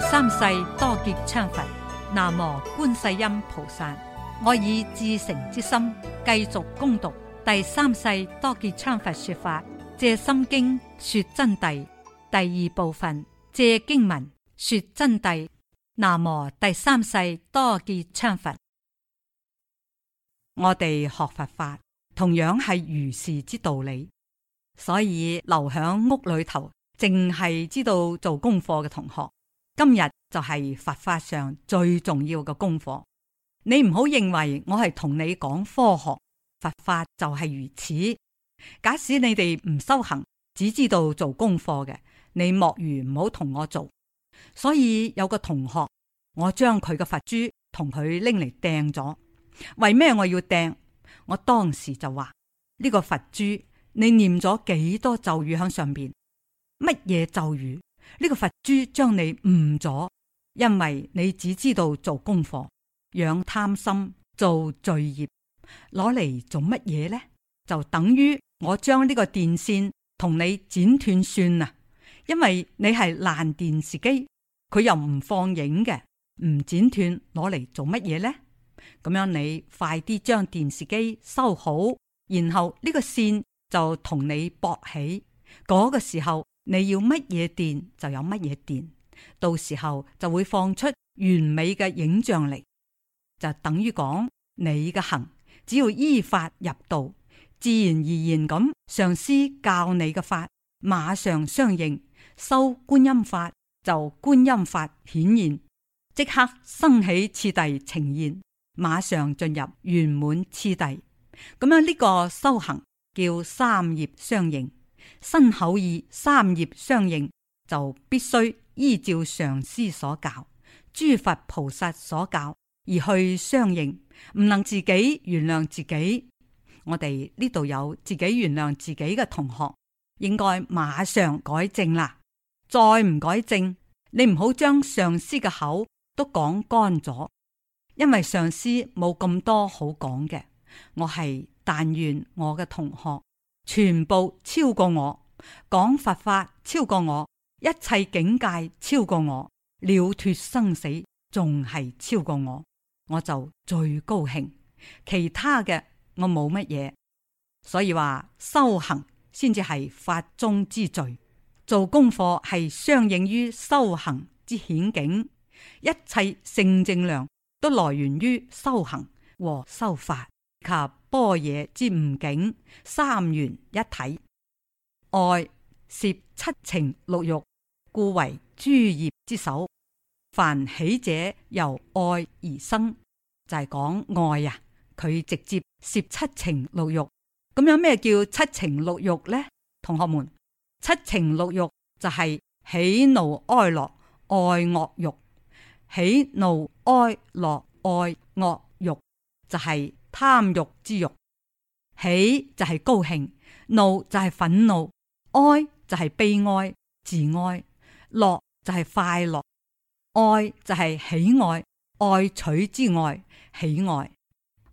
第三世多杰羌佛，南無觀世音菩薩。我以至誠之心繼續恭讀第三世多杰羌佛說法，借心經說真諦第二部分，借經文說真諦。南無第三世多杰羌佛。我哋學佛法同樣係如是之道理，所以留響屋裏頭淨係知道做功課嘅同學。今日就係佛法上最重要嘅功課，你唔好認為我係同你講科學，佛法就係如此。假使你哋唔修行，只知道做功課嘅，你莫如唔好同我做。所以有個同學，我將佢嘅佛珠同佢拎嚟掟咗。為咩我要掟？我當時就話：呢個佛珠，你念咗幾多咒語喺上邊？乜嘢咒語？呢個佛珠將你誤咗，因為你只知道做功課、養貪心、做罪孽。攞嚟做乜嘢呢？就等於我將呢個電線同你剪斷算啦，因為你係爛電視機，佢又唔放映嘅，唔剪斷攞嚟做乜嘢呢？咁樣你快啲將電視機收好，然後呢個線就同你駁起，嗰個時候。你要乜嘢電就有乜嘢電，到時候就會放出完美嘅影像嚟，就等於講你嘅行，只要依法入道，自然而然咁上師教你嘅法，馬上相應修觀音法，就觀音法顯現，即刻生起次第呈現，馬上進入圓滿次第，咁樣呢個修行叫三業相應。心口意三業相應，就必須依照上師所教，諸佛菩薩所教而去相應，唔能自己原諒自己。我哋呢度有自己原諒自己嘅同學，應該馬上改正啦。再唔改正，你唔好將上師嘅口都講乾咗，因為上師冇咁多好講嘅。我係但願我嘅同學。全部超過我，講佛法超過我，一切境界超過我，了脫生死仲係超過我，我就最高興。其他嘅我冇乜嘢，所以話修行先至係法中之最，做功課係相應於修行之顯境，一切性正量都來源於修行和修法。及般若之悟境，三元一體，愛涉七情六欲，故為諸業之首。凡喜者由愛而生，就係、是、講愛呀、啊。佢直接涉七情六欲。咁有咩叫七情六欲呢？同學們，七情六欲就係喜怒哀樂、愛惡欲。喜怒哀樂、愛惡欲就係、是。貪欲之欲，喜就係高興，怒就係憤怒，哀就係悲哀、自哀，樂就係快樂，愛就係喜愛、愛取之愛，喜愛，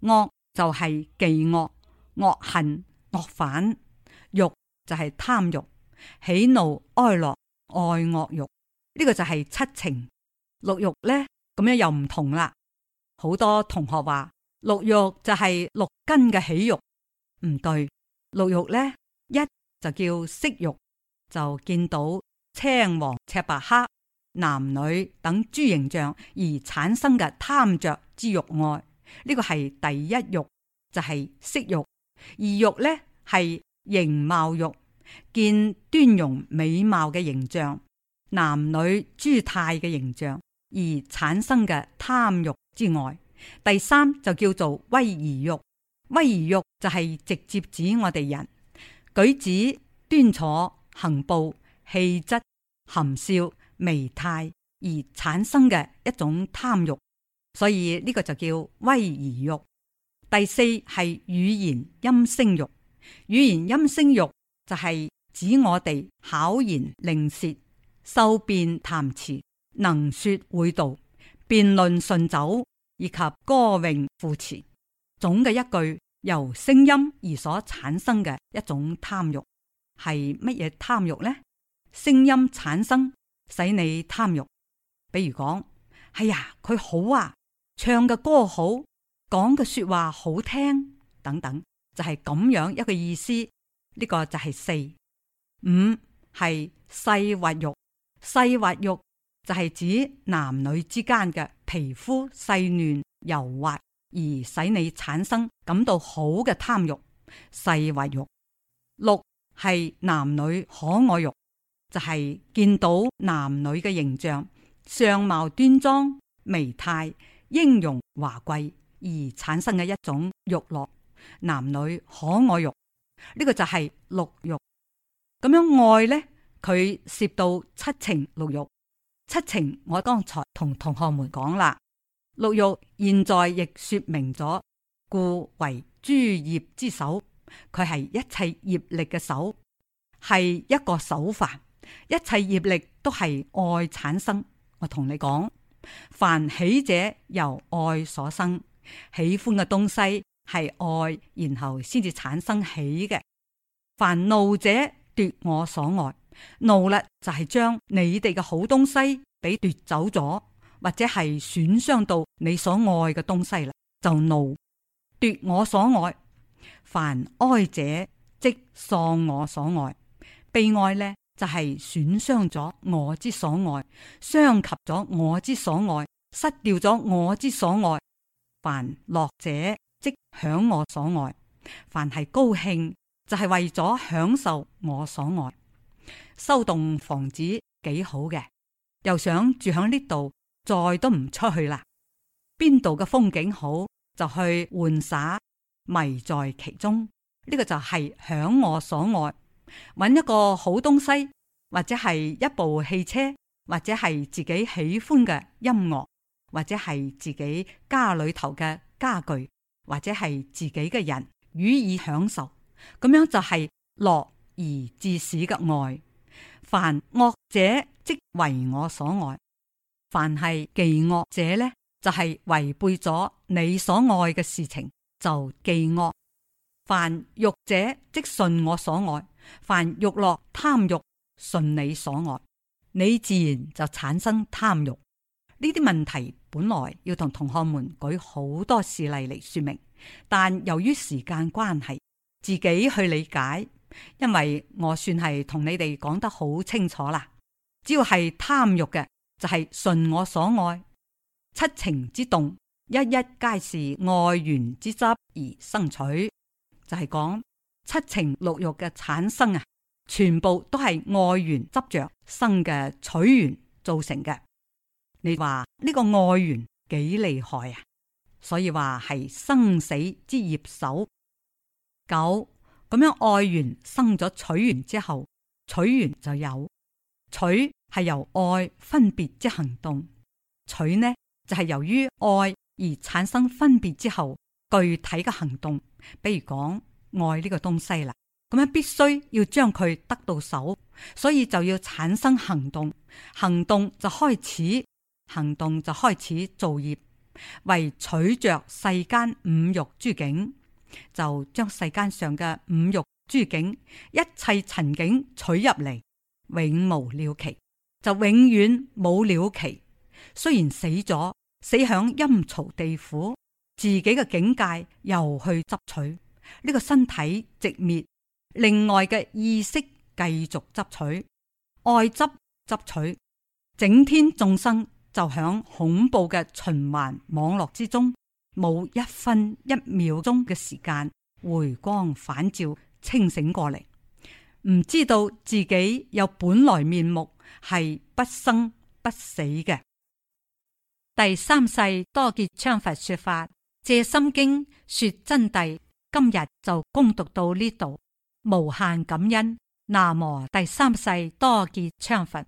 惡就係忌惡、惡恨、惡反，欲就係貪欲，喜怒哀樂愛惡欲呢個就係七情六欲呢，咁樣又唔同啦。好多同學話。六欲就係六根嘅喜欲，唔對。六欲呢，一就叫色欲，就見到青黃赤白黑男女等諸形象而產生嘅貪着之欲愛。呢、這個係第一欲，就係、是、色欲；二欲呢，係形貌欲，見端容美貌嘅形象、男女諸態嘅形象而產生嘅貪欲之外。第三就叫做威儀欲，威儀欲就係直接指我哋人舉止端坐行步氣質含笑微態而產生嘅一種貪欲，所以呢、這個就叫威儀欲。第四係語言音聲欲，語言音聲欲就係指我哋巧言令舌、受辯談詞、能說會道、辯論順走。以及歌詠賦詞，總嘅一句由聲音而所產生嘅一種貪欲，係乜嘢貪欲呢？聲音產生使你貪欲，比如講，哎呀，佢好啊，唱嘅歌好，講嘅說話好聽，等等，就係、是、咁樣一個意思。呢、這個就係四五係細滑欲，細滑欲就係指男女之間嘅。皮膚細嫩柔滑，而使你產生感到好嘅貪欲，細滑欲，六係男女可愛欲，就係、是、見到男女嘅形象、相貌端莊、媚態、雍容華貴而產生嘅一種欲樂。男女可愛欲，呢、這個就係六欲。咁樣愛呢，佢涉到七情六欲。七情我剛才同同學們講啦，六欲現在亦說明咗，故為諸業之首，佢係一切業力嘅手，係一個手法，一切業力都係愛產生。我同你講，凡喜者由愛所生，喜歡嘅東西係愛，然後先至產生喜嘅，凡怒者奪我所愛。怒啦，no, 就係將你哋嘅好東西俾奪走咗，或者係損傷到你所愛嘅東西啦，就怒，no, 奪我所愛。凡哀者，即喪我所愛；悲哀呢，就係損傷咗我之所愛，傷及咗我之所愛，失掉咗我之所愛。凡樂者，即享我所愛。凡係高興，就係，是，為咗享受我所愛。收棟房子幾好嘅，又想住喺呢度，再都唔出去啦。邊度嘅風景好就去玩耍，迷在其中。呢、這個就係享我所愛，揾一個好東西，或者係一部汽車，或者係自己喜歡嘅音樂，或者係自己家裏頭嘅家具，或者係自己嘅人，予以享受。咁樣就係樂。而致始嘅愛，凡惡者即為我所愛；凡係既惡者呢，就係、是、違背咗你所愛嘅事情，就忌惡。凡欲者即順我所愛，凡欲樂貪欲，順你所愛，你自然就產生貪欲呢啲問題。本來要同同學們舉好多事例嚟說明，但由於時間關係，自己去理解。因為我算係同你哋講得好清楚啦，只要係貪欲嘅，就係、是、順我所愛七情之動，一一皆是愛緣之執而生取，就係、是、講七情六欲嘅產生啊，全部都係愛緣執着生嘅取緣造成嘅。你話呢、這個愛緣幾厲害啊？所以話係生死之業首九。咁樣愛完生咗取完之後，取完就有。取係由愛分別之行動，取呢就係、是、由於愛而產生分別之後具體嘅行動。比如講愛呢個東西啦，咁樣必須要將佢得到手，所以就要產生行動，行動就開始，行動就開始造業，為取着世間五欲諸境。就將世間上嘅五欲諸境，一切塵境取入嚟，永無了期，就永遠冇了期。雖然死咗，死響陰曹地府，自己嘅境界又去執取呢、這個身體直滅，另外嘅意識繼續執取，愛執執取，整天眾生就響恐怖嘅循環網絡之中。冇一分一秒鐘嘅時間回光返照清醒過嚟，唔知道自己有本來面目係不生不死嘅。第三世多杰羌佛說法，借心經說真諦。今日就恭讀到呢度，無限感恩。南無第三世多杰羌佛。